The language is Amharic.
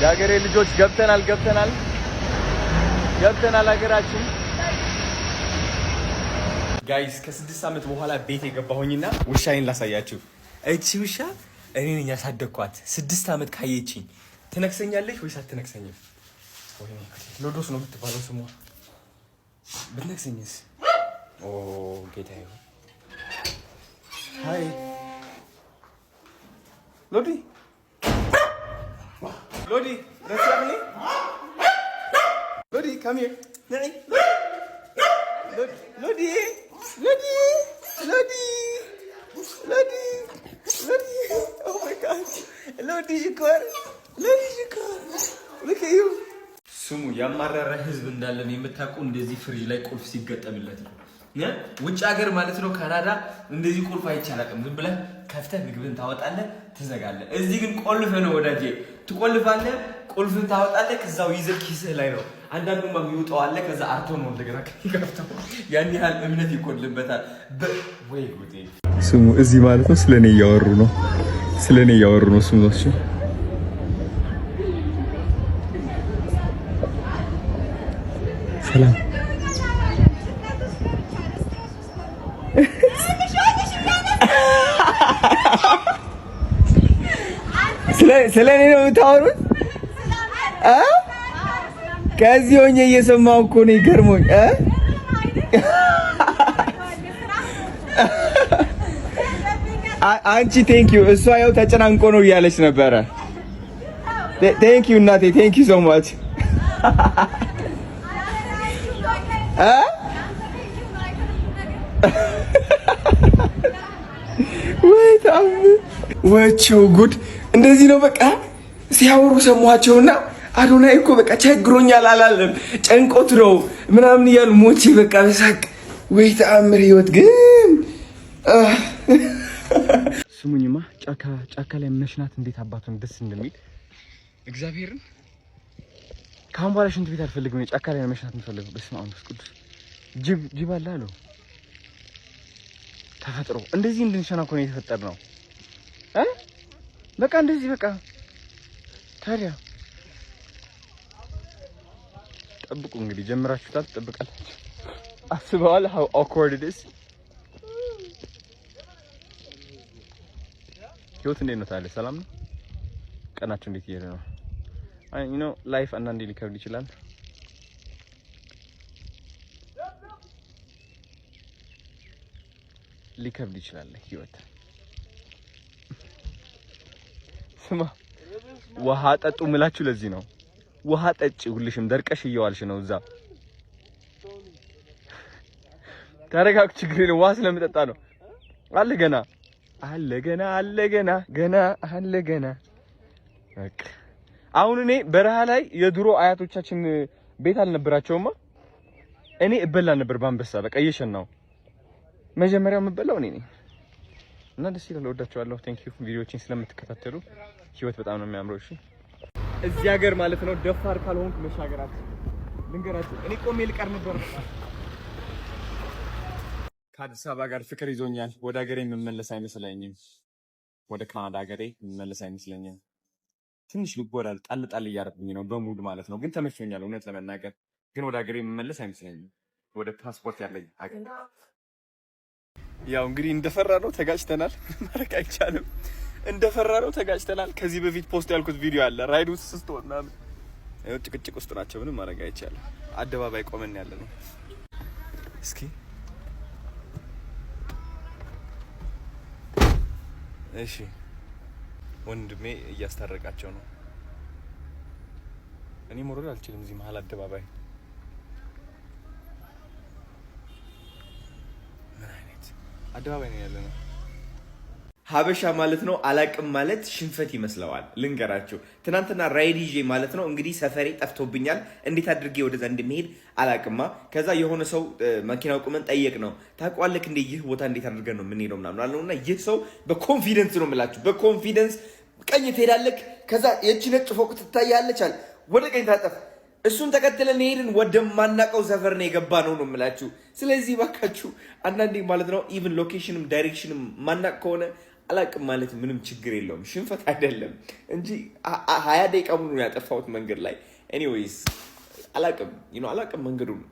የሀገሬ ልጆች ገብተናል ገብተናል ገብተናል ሀገራችን። ጋይስ ከስድስት ዓመት በኋላ ቤት የገባሁኝና ውሻዬን ላሳያችሁ። እቺ ውሻ እኔ ነኝ ያሳደግኳት። ስድስት ዓመት ካየችኝ ትነክሰኛለች ወይስ አትነክሰኝም? ሎዶስ ነው የምትባለው ስሟ። ብትነክሰኝስ? ጌታ ሎዲ Lodi, let's have me. Lodi, come here. Lodi, Lodi, Lodi, Lodi, Lodi, Lodi. Oh my God, Lodi, you got it. Lodi, you got it. Look at you. ስሙ ያማራራ ህዝብ እንዳለን የምታውቁ እንደዚህ ፍሪጅ ላይ ቁልፍ ሲገጠምለት ነው። ውጭ ሀገር ማለት ነው ካናዳ እንደዚህ ቁልፍ አይቻላቅም። ዝም ብለህ ከፍተህ ምግብን ታወጣለህ፣ ትዘጋለህ። እዚህ ግን ቆልፈ ነው ወዳጄ፣ ትቆልፋለህ፣ ቁልፍን ታወጣለህ፣ ከዛው ይዘህ ኪስህ ላይ ነው። አንዳንዱ አንዳንዱማ ይውጠዋለህ፣ ከዛ አርቶ ነው እንደገና ከፍተው ያን ያህል እምነት ይኮልበታል። ወይ ጉዴ ስሙ እዚህ ማለት ነው። ስለኔ እያወሩ ነው፣ ስለኔ እያወሩ ነው። ስሙ ነው ሰላም ስለ እኔ ነው የምታወሩት? ከዚህ ሆኜ እየሰማሁ እኮ ነው። ይገርሞኝ። አንቺ ቴንክ እሷ ያው ተጨናንቆ ነው እያለች ነበረ። ቴንክ ዩ እናቴ፣ ቴንክ ሶ ማች። ወይ ጉድ እንደዚህ ነው በቃ ሲያወሩ ሰሟቸውና አዶናይ እኮ በቃ ቸግሮኛል አላለም፣ ጨንቆት ነው ምናምን እያሉ ሞቼ በቃ በሳቅ ወይ ተአምር ህይወት ግን ስሙኝማ፣ ጫካ ጫካ ላይ መሽናት እንዴት አባቱን ደስ እንደሚል እግዚአብሔርን። ከአሁን በኋላ ሽንት ቤት አልፈልግም፣ ጫካ ላይ መሽናት እንፈልገው። በስመ አብ ወመንፈስ ቅዱስ። ጅብ ጅብ አለ አለው ተፈጥሮ። እንደዚህ እንድንሸና እኮ ነው የተፈጠር ነው። በቃ እንደዚህ በቃ ታዲያ ጠብቁ እንግዲህ ጀምራችሁታል፣ ትጠብቃላችሁ። አስበዋል? how awkward it is ህይወት እንዴት ነው ታዲያ? ሰላም ነው? ቀናችሁ እንዴት እየሄደ ነው? አይ ዩ ኖ ላይፍ አንዳንዴ ሊከብድ ይችላል። ሊከብድ ይችላል ህይወት ስማ፣ ውሃ ጠጡ ምላችሁ ለዚህ ነው። ውሃ ጠጪ፣ ሁልሽም ደርቀሽ እየዋልሽ ነው እዛ። ተረጋግ፣ ችግር የለም። ውሃ ስለምጠጣ ነው። አለ ገና አለ ገና አለ ገና ገና አለ ገና። በቃ አሁን እኔ በረሃ ላይ የድሮ አያቶቻችን ቤት አልነበራቸውማ። እኔ እበላ ነበር በአንበሳ በቃ እየሸናው መጀመሪያው የምበላው እኔ ነኝ። እና ደስ ይላል። ወዳችኋለሁ። ቴንክ ዩ ቪዲዮዎችን ስለምትከታተሉ። ህይወት በጣም ነው የሚያምረው። እሺ እዚህ ሀገር ማለት ነው ደፋር ካልሆንኩ መሻገራት ልንገራችሁ። እኔ ቆሜ ልቀር ነበር። ከአዲስ አበባ ጋር ፍቅር ይዞኛል። ወደ ሀገሬ የምመለስ አይመስለኝም። ወደ ካናዳ ሀገሬ የምመለስ አይመስለኝም። ትንሽ ልጎዳል። ጣል ጣል እያደረግኝ ነው በሙድ ማለት ነው። ግን ተመችቶኛል፣ እውነት ለመናገር ግን ወደ ሀገሬ የምመለስ አይመስለኝም። ወደ ፓስፖርት ያለኝ ሀገር ያው እንግዲህ እንደፈራ ነው ተጋጭተናል። ማረቅ አይቻልም። እንደፈራ ነው ተጋጭተናል። ከዚህ በፊት ፖስት ያልኩት ቪዲዮ አለ። ራይድ ውስጥ ስትሆን ምናምን ጭቅጭቅ ውስጥ ናቸው። ምንም ማድረግ አይቻልም። አደባባይ ቆመን ያለ ነው። እስኪ እሺ ወንድሜ እያስታረቃቸው ነው። እኔ መውረድ አልችልም እዚህ መሀል አደባባይ አደባባይ ነው ያለ ነው። ሀበሻ ማለት ነው አላቅም ማለት ሽንፈት ይመስለዋል። ልንገራችሁ ትናንትና ራይድ ይዤ ማለት ነው እንግዲህ ሰፈሬ ጠፍቶብኛል። እንዴት አድርጌ ወደዛ እንደሚሄድ አላቅማ። ከዛ የሆነ ሰው መኪናው ቁመን ጠየቅ ነው ታውቀዋለህ እንደ ይህ ቦታ እንዴት አድርገን ነው የምንሄደው ምናምን አለው እና ይህ ሰው በኮንፊደንስ ነው የምላችሁ በኮንፊደንስ ቀኝ ትሄዳለህ፣ ከዛ የቺ ነጭ ፎቅ ትታያለች፣ አለ ወደ ቀኝ ታጠፍ እሱን ተከትለን ሄድን ወደማናቀው ሰፈር ነው የገባ ነው ነው የምላችሁ። ስለዚህ ባካችሁ አንዳንዴ ማለት ነው ኢቭን ሎኬሽንም ዳይሬክሽንም ማናቅ ከሆነ አላቅም ማለት ምንም ችግር የለውም። ሽንፈት አይደለም እንጂ ሀያ ደቂቃ ሙሉ ያጠፋሁት መንገድ ላይ ኤኒዌይስ አላቅም አላቅም መንገዱን